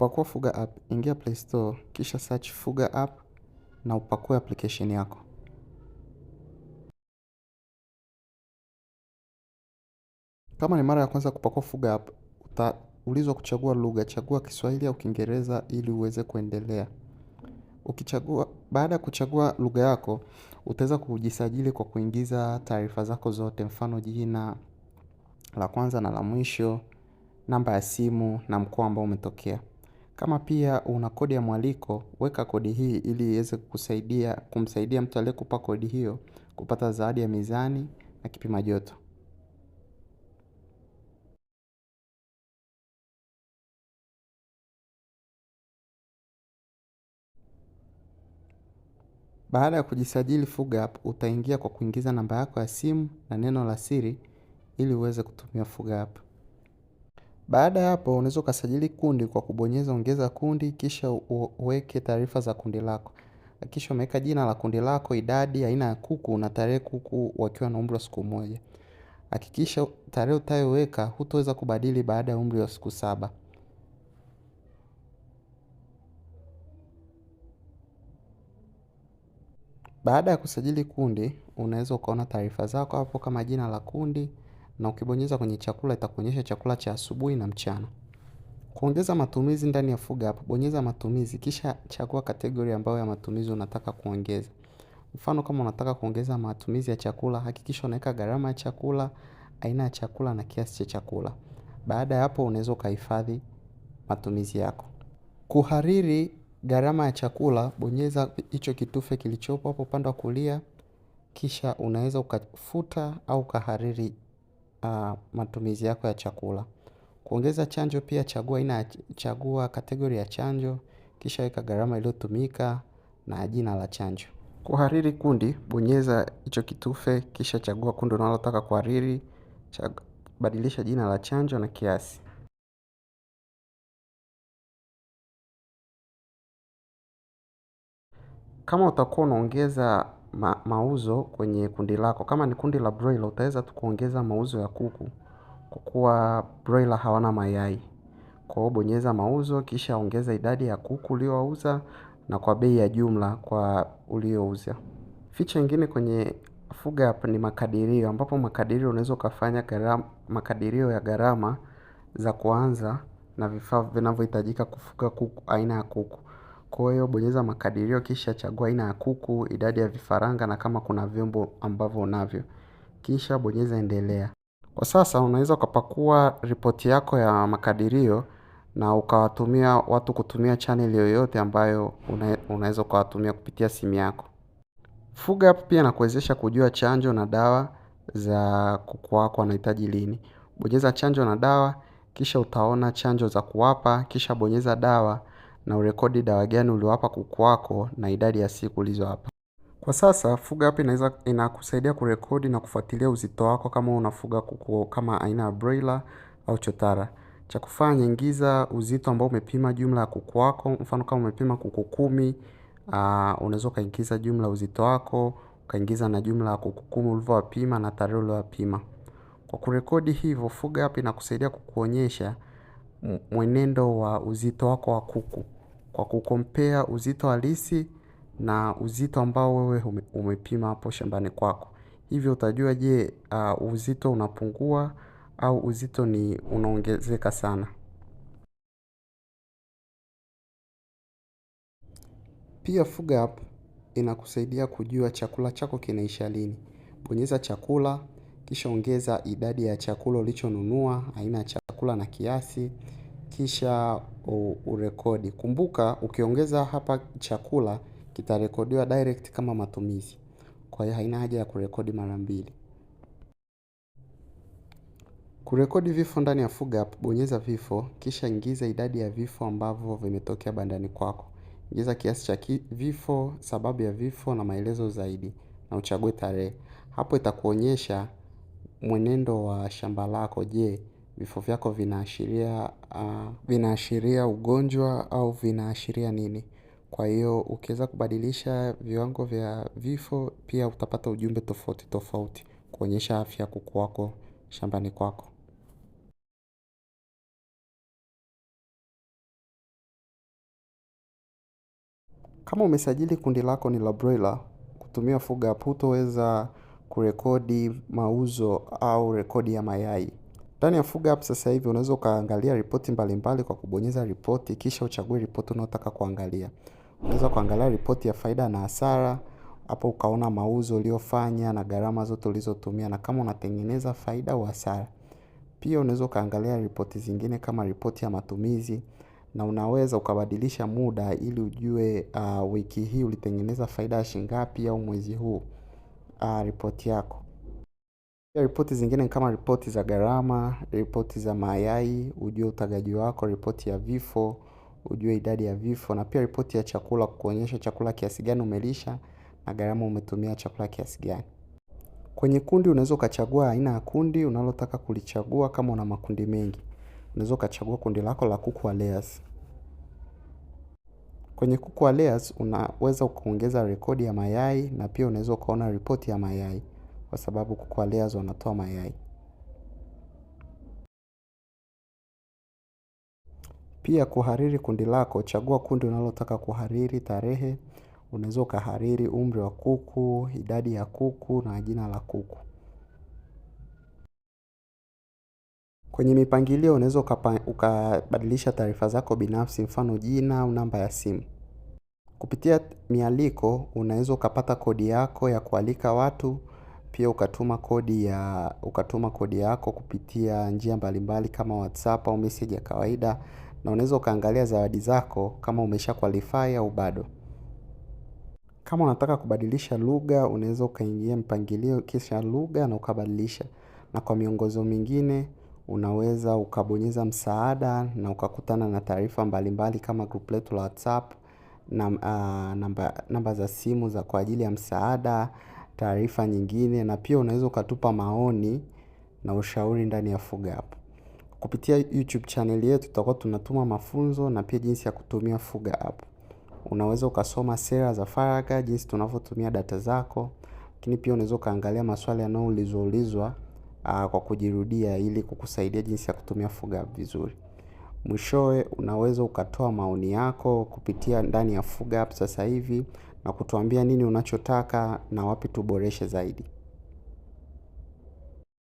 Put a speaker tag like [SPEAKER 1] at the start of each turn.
[SPEAKER 1] Kupakua Fuga app, ingia Play Store kisha search Fuga app na upakue application yako. Kama ni mara ya kwanza kupakua Fuga app, utaulizwa kuchagua lugha. Chagua Kiswahili au Kiingereza ili uweze kuendelea. Ukichagua, baada ya kuchagua lugha yako, utaweza kujisajili kwa kuingiza taarifa zako zote, mfano jina la kwanza na la mwisho, namba ya simu na mkoa ambao umetokea. Kama pia una kodi ya mwaliko, weka kodi hii ili iweze kusaidia kumsaidia mtu aliyekupa kodi hiyo kupata zawadi ya mizani na kipima joto. Baada ya kujisajili FUGAP, utaingia kwa kuingiza namba yako ya simu na neno la siri ili uweze kutumia FUGAP. Baada ya hapo unaweza ukasajili kundi kwa kubonyeza ongeza kundi kisha uweke taarifa za kundi lako. Kisha umeweka jina la kundi lako, idadi, aina ya kuku na tarehe kuku wakiwa na umri wa siku moja. Hakikisha tarehe utayoweka hutoweza kubadili baada ya umri wa siku saba. Baada ya kusajili kundi, unaweza ukaona taarifa zako hapo kama jina la kundi, na ukibonyeza kwenye chakula itakuonyesha chakula cha asubuhi na mchana. Kuongeza matumizi ndani ya Fuga App, bonyeza matumizi kisha chagua kategoria ambayo ya matumizi unataka kuongeza. Mfano kama unataka kuongeza matumizi ya chakula, hakikisha unaweka gharama ya chakula, aina ya chakula na kiasi cha chakula. Baada ya hapo unaweza ukahifadhi matumizi yako. Kuhariri gharama ya chakula, bonyeza hicho kitufe kilichopo hapo upande wa kulia, kisha unaweza ukafuta au ukahariri uh, matumizi yako ya chakula. Kuongeza chanjo pia chagua ina chagua kategori ya chanjo, kisha weka gharama iliyotumika na jina la chanjo. Kuhariri kundi, bonyeza hicho kitufe, kisha chagua kundi unalotaka kuhariri, badilisha jina la chanjo na kiasi. Kama utakuwa unaongeza ma, mauzo kwenye kundi lako. Kama ni kundi la broiler, utaweza tu kuongeza mauzo ya kuku kwa kuwa broiler hawana mayai. Kwa hiyo bonyeza mauzo, kisha ongeza idadi ya kuku uliouza na kwa bei ya jumla kwa uliouza. Feature nyingine kwenye Fuga App ni makadirio, ambapo makadirio unaweza ukafanya makadirio ya gharama za kuanza na vifaa vinavyohitajika kufuga kuku aina ya kuku. Kwa hiyo bonyeza makadirio kisha chagua aina ya kuku, idadi ya vifaranga na kama kuna vyombo ambavyo unavyo. Kisha bonyeza endelea. Kwa sasa unaweza ukapakua ripoti yako ya makadirio na ukawatumia watu kutumia channel yoyote ambayo unaweza ukawatumia kupitia simu yako. Fuga hapo pia na kuwezesha kujua chanjo na dawa za kuku wako wanahitaji lini. Bonyeza chanjo na dawa, kisha utaona chanjo za kuwapa, kisha bonyeza dawa na urekodi dawa gani uliowapa kuku wako na idadi ya siku ulizowapa. Kwa sasa Fuga App inaweza inakusaidia kurekodi na kufuatilia uzito wako kama unafuga kuku kama aina ya broiler au chotara. Cha kufanya, ingiza uzito ambao umepima jumla ya kuku wako. Mfano kama umepima kuku kumi, uh, unaweza ukaingiza jumla ya uzito wako, ukaingiza na jumla ya kuku kumi ulivyowapima na tarehe uliowapima. Kwa kurekodi hivyo, Fuga App inakusaidia kukuonyesha mwenendo wa uzito wako wa kuku kwa kukompea uzito halisi na uzito ambao wewe umepima hapo shambani kwako. Hivyo utajua je, uh, uzito unapungua au uzito ni unaongezeka sana. Pia fuga inakusaidia kujua chakula chako kinaisha lini. Bonyeza chakula, kisha ongeza idadi ya chakula ulichonunua, aina ya chakula na kiasi, kisha urekodi. Kumbuka ukiongeza hapa chakula kitarekodiwa direct kama matumizi. Kwa hiyo haina haja ya kurekodi mara mbili. Kurekodi vifo ndani ya FUGAP, bonyeza vifo, kisha ingiza idadi ya vifo ambavyo vimetokea bandani kwako. Ingiza kiasi cha vifo, sababu ya vifo na maelezo zaidi na uchague tarehe. Hapo itakuonyesha mwenendo wa shamba lako je, vifo vyako vinaashiria ah, vinaashiria ugonjwa au vinaashiria nini? Kwa hiyo ukiweza kubadilisha viwango vya vifo, pia utapata ujumbe tofauti tofauti kuonyesha afya kuku wako shambani kwako. Kama umesajili kundi lako ni la broiler, kutumia Fuga hutoweza kurekodi mauzo au rekodi ya mayai. Ndani ya Fuga app sasa hivi unaweza ukaangalia ripoti mbalimbali kwa kubonyeza ripoti, kisha uchague ripoti unaotaka kuangalia. Unaweza kuangalia ripoti ya faida na hasara, hapo ukaona mauzo uliofanya na gharama zote ulizotumia na kama unatengeneza faida au hasara. Pia unaweza ukaangalia ripoti zingine kama ripoti ya matumizi na unaweza ukabadilisha muda ili ujue uh, wiki hii ulitengeneza faida ya shilingi ngapi au mwezi huu uh, ripoti yako. Pia ripoti zingine kama ripoti za gharama, ripoti za mayai, ujue utagaji wako, ripoti ya vifo, ujue idadi ya vifo, na pia ripoti ya chakula kuonyesha chakula kiasi gani umelisha na gharama umetumia chakula kiasi gani. Kwenye kundi unaweza ukachagua aina ya kundi unalotaka kulichagua. Kama una makundi mengi, unaweza ukachagua kundi lako la kuku wa layers. Kwenye kuku wa layers unaweza ukaongeza rekodi ya mayai na pia unaweza ukaona ripoti ya mayai kwa sababu kuku wa layers wanatoa mayai. Pia kuhariri kundi lako, chagua kundi unalotaka kuhariri, tarehe, unaweza ukahariri umri wa kuku, idadi ya kuku na jina la kuku. Kwenye mipangilio unaweza ukabadilisha taarifa zako binafsi, mfano jina au namba ya simu. Kupitia mialiko unaweza ukapata kodi yako ya kualika watu, pia ukatuma kodi ya ukatuma kodi yako kupitia njia mbalimbali kama WhatsApp au message ya kawaida, na unaweza ukaangalia zawadi zako kama umesha qualify au bado. Kama unataka kubadilisha lugha, unaweza ukaingia mpangilio kisha lugha na ukabadilisha, na kwa miongozo mingine unaweza ukabonyeza msaada na ukakutana na taarifa mbalimbali kama group letu la WhatsApp na uh, ah, namba, namba za simu za kwa ajili ya msaada, taarifa nyingine, na pia unaweza ukatupa maoni na ushauri ndani ya FUGAP. Kupitia YouTube channel yetu tutakuwa tunatuma mafunzo na pia jinsi ya kutumia fuga app Unaweza ukasoma sera za faraga jinsi tunavyotumia data zako, lakini pia unaweza ukaangalia maswali yanayoulizwa ulizwa uh, kwa kujirudia ili kukusaidia jinsi ya kutumia FUGAP vizuri. Mwishowe unaweza ukatoa maoni yako kupitia ndani ya FUGAP sasa hivi na kutuambia nini unachotaka na wapi tuboreshe zaidi.